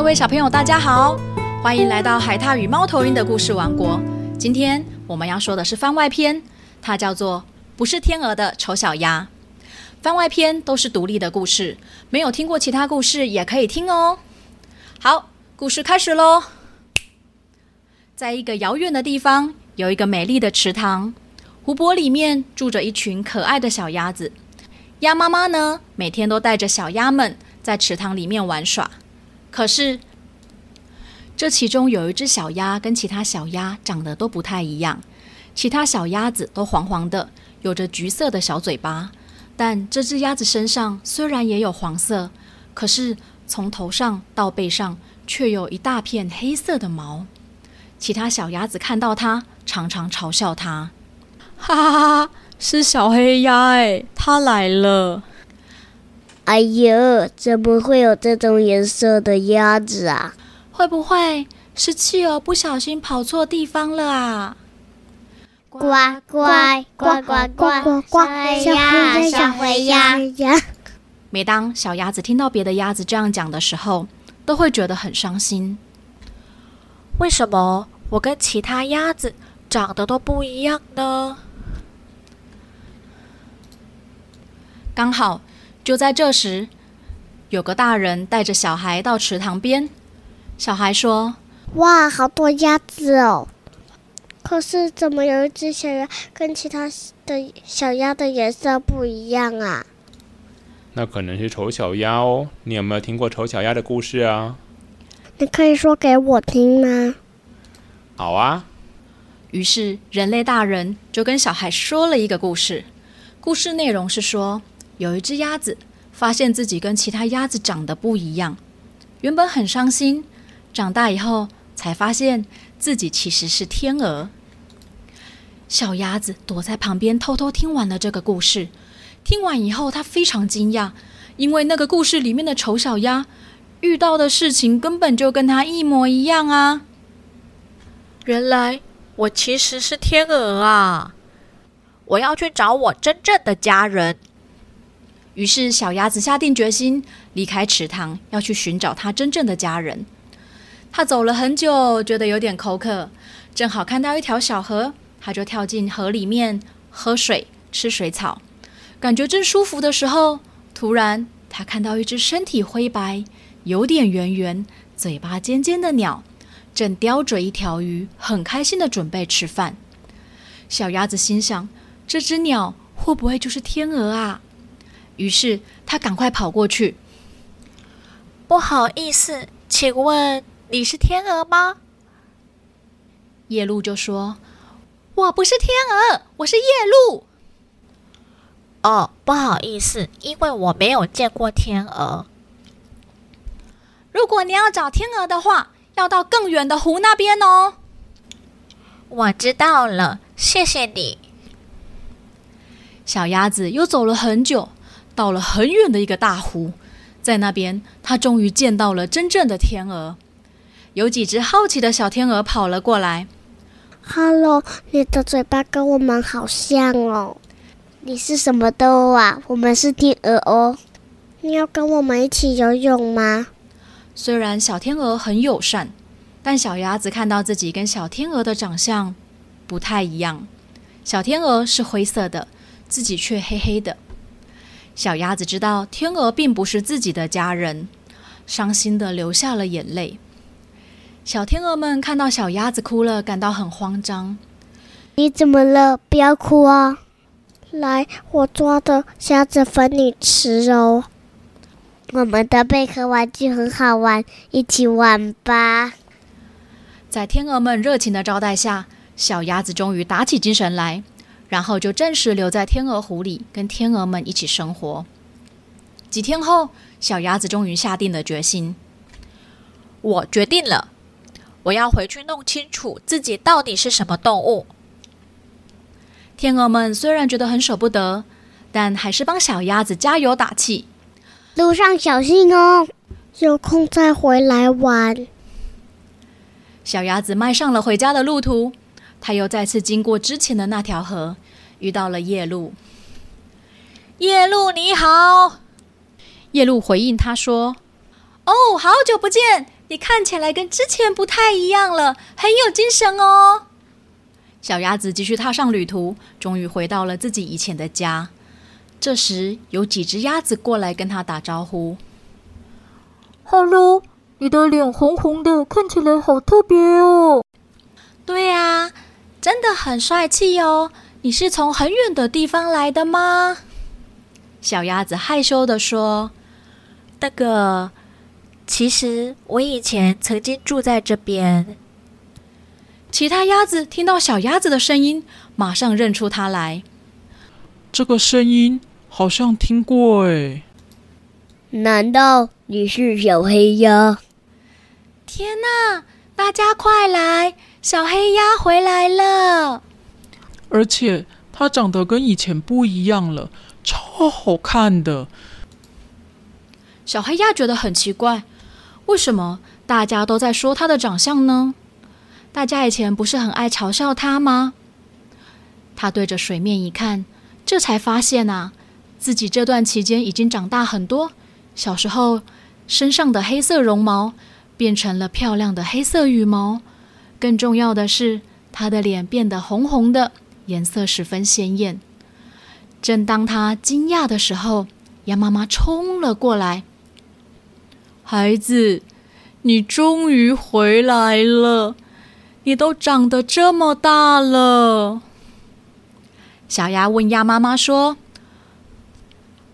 各位小朋友，大家好，歡迎來到海獺與貓頭鷹的故事王國。今天我們要說的是番外篇，它叫做《不是天鵝的醜小鴨》。番外篇都是獨立的故事，沒有聽過其他故事也可以聽哦。好，故事開始嘍。在一個遙遠的地方，有一個美麗的池塘，湖泊裡面住着一群可愛的小鴨子。鴨媽媽呢，每天都帶着小鴨們在池塘裡面玩耍。可是，這其中有一隻小鴨跟其他小鴨長得都不太一樣。其他小鴨子都黃黃的，有着橘色的小嘴巴，但這隻鴨子身上雖然也有黃色，可是從頭上到背上卻有一大片黑色的毛。其他小鴨子看到它，常常嘲笑它：“哈哈哈，是小黑鴨，哎，它來了。”哎呦，怎麼會有這種顏色的鴨子啊？會不會是企鵝不小心跑錯地方了啊？呱呱呱呱呱呱！小鴨，小灰鴨。每當小鴨子聽到別的鴨子這樣講的時候，都會覺得很傷心。為什麼我跟其他鴨子長得都不一樣呢？剛好。就在這時，有個大人帶着小孩到池塘邊。小孩說：“哇，好多鴨子哦！可是，怎麼有一隻小鴨跟其他的小鴨的顏色不一樣啊？”那可能是醜小鴨哦。你有沒有聽過醜小鴨的故事啊？你可以說給我聽嗎？好啊。於是，人類大人就跟小孩說了一個故事。故事內容是說……有一隻鴨子發現自己跟其他鴨子長得不一樣，原本很傷心，長大以後才發現自己其實是天鵝。小鴨子躲在旁邊偷偷聽完了這個故事，聽完以後它非常驚訝，因為那個故事裡面的醜小鴨遇到的事情根本就跟他一模一樣啊！原來我其實是天鵝啊！我要去找我真正的家人。於是，小鴨子下定決心離開池塘，要去尋找它真正的家人。它走了很久，覺得有點口渴，正好看到一條小河，它就跳進河裡面喝水、吃水草。感覺正舒服的時候，突然它看到一只身體灰白、有點圓圓、嘴巴尖尖的鳥，正叼着一條魚，很開心的準備吃飯。小鴨子心想：這只鳥會不會就是天鵝啊？於是他趕快跑過去。不好意思，請問你是天鵝嗎？夜鷺就說：“我不是天鵝，我是夜鷺。”哦，不好意思，因為我沒有見過天鵝。如果你要找天鵝的話，要到更遠的湖那邊哦。我知道了，謝謝你。小鴨子又走了很久。到了很遠的一個大湖，在那邊，他終於見到了真正的天鵝。有幾隻好奇的小天鵝跑了過來。“Hello，你的嘴巴跟我們好像哦，你是什麼動物啊？我們是天鵝哦。你要跟我們一起游泳嗎？”雖然小天鵝很友善，但小鴨子看到自己跟小天鵝的長相不太一樣，小天鵝是灰色的，自己卻黑黑的。小鴨子知道天鵝並不是自己的家人，傷心地流下了眼淚。小天鵝們看到小鴨子哭了，感到很慌張：“你怎麼了？不要哭啊！來，我抓的蝦子分你吃哦。”我們的貝殼玩具很好玩，一起玩吧。在天鵝們熱情的招待下，小鴨子終於打起精神來。然後就正式留在天鵝湖裡，跟天鵝們一起生活。幾天後，小鴨子終於下定了決心：“我決定了，我要回去弄清楚自己到底是什麼動物。”天鵝們雖然覺得很捨不得，但還是幫小鴨子加油打氣：“路上小心哦，有空再回來玩。”小鴨子邁上了回家的路途。他又再次經過之前的那條河，遇到了夜鷺。夜鷺你好，夜鷺回應他說：“哦，好久不見，你看起來跟之前不太一樣了，很有精神哦。”小鴨子繼續踏上旅途，終於回到了自己以前的家。這時，有幾只鴨子過來跟他打招呼哈嘍，Hello, 你的臉紅紅的，看起來好特別哦。對啊”“對呀。”真的很帥氣哦！你是從很遠的地方來的嗎？小鴨子害羞地說：“大哥，其實我以前曾經住在這邊。”其他鴨子聽到小鴨子的聲音，馬上認出它來。這個聲音好像聽過誒，難道你是小黑鴨？天哪！大家快來！小黑鴨回來了，而且它長得跟以前不一樣了，超好看的。小黑鴨覺得很奇怪，為什麼大家都在說它的長相呢？大家以前不是很愛嘲笑它嗎？它對着水面一看，這才發現啊，自己這段期間已經長大很多。小時候身上的黑色絨毛變成了漂亮的黑色羽毛。更重要的是，他的臉變得紅紅的，顏色十分鮮豔。正當他驚訝的時候，鴨媽媽衝了過來：“孩子，你終於回來了！你都長得這麼大了。”小鴨問鴨媽媽說：“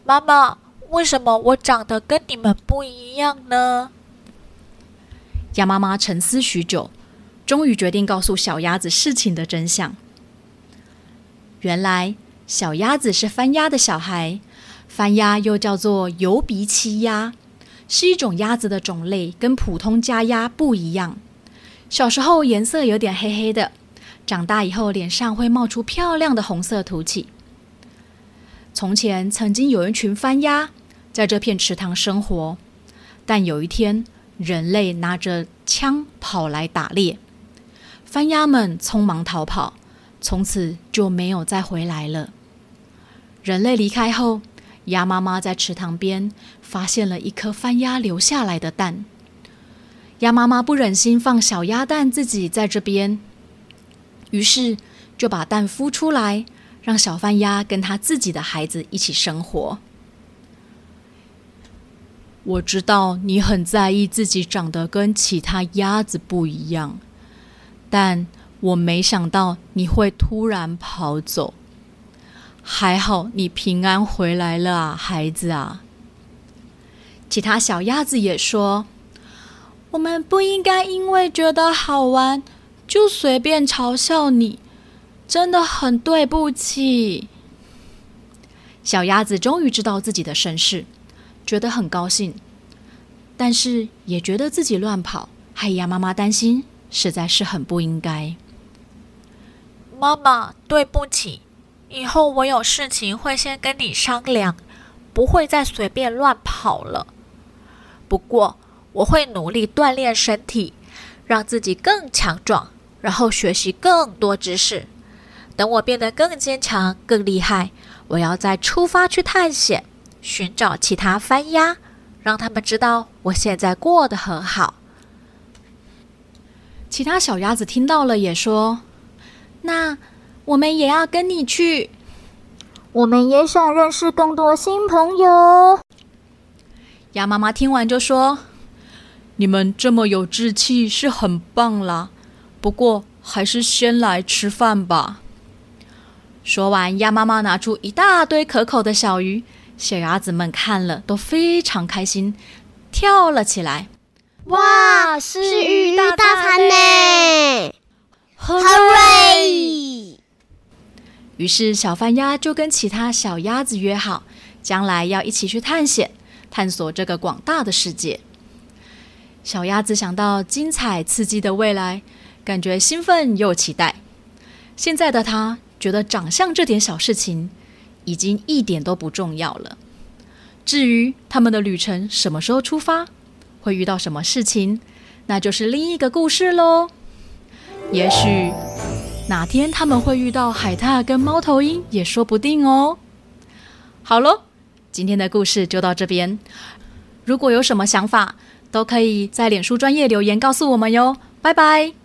媽媽，為什麼我長得跟你們不一樣呢？”鴨媽媽沉思許久。終於決定告訴小鴨子事情的真相。原來，小鴨子是番鴨的小孩，番鴨又叫做疣鼻棲鴨，是一種鴨子的種類，跟普通家鴨不一樣。小時候顏色有點黑黑的，長大以後臉上會冒出漂亮的紅色凸起。從前曾經有一群番鴨在這片池塘生活，但有一天，人類拿着槍跑來打獵。番鴨們匆忙逃跑，從此就沒有再回來了。人類離開後，鴨媽媽在池塘邊發現了一顆番鴨留下來的蛋。鴨媽媽不忍心放小鴨蛋自己在這邊，於是就把蛋孵出來，讓小番鴨跟他自己的孩子一起生活。我知道你很在意自己長得跟其他鴨子不一樣。但我沒想到你會突然跑走，還好你平安回來了啊，孩子啊！其他小鴨子也說：“我們不應該因為覺得好玩就隨便嘲笑你，真的很對不起。”小鴨子終於知道自己的身世，覺得很高興，但是也覺得自己亂跑，害鴨媽媽擔心。實在是很不應該，媽媽，對不起。以後我有事情，會先跟你商量，不會再隨便亂跑了。不過，我會努力鍛鍊身體，讓自己更強壯，然後學習更多知識。等我變得更堅強、更厲害，我要再出發去探險，尋找其他番鴨，讓他們知道我現在過得很好。其他小鴨子聽到了，也說：“那我們也要跟你去，我們也想認識更多新朋友。”鴨媽媽聽完就說：“你們這麼有志氣是很棒啦，不過還是先來吃飯吧。”說完，鴨媽媽拿出一大堆可口的小魚，小鴨子們看了都非常開心，跳了起來。哇，是魚，魚大餐呢 Hurray! 於是小番鴨就跟其他小鴨子約好，將來要一起去探險，探索這個廣大的世界。小鴨子想到精彩刺激的未來感覺興奮又期待。現在的他覺得長相這點小事情已經一點都不重要了。至於他們的旅程什麼時候出發？會遇到什麼事情，那就是另一個故事嘍。也許哪天他們會遇到海獺跟貓頭鷹也說不定哦。好嘍，今天的故事就到這邊。如果有什麼想法，都可以在臉書專頁留言告訴我們喲。拜拜。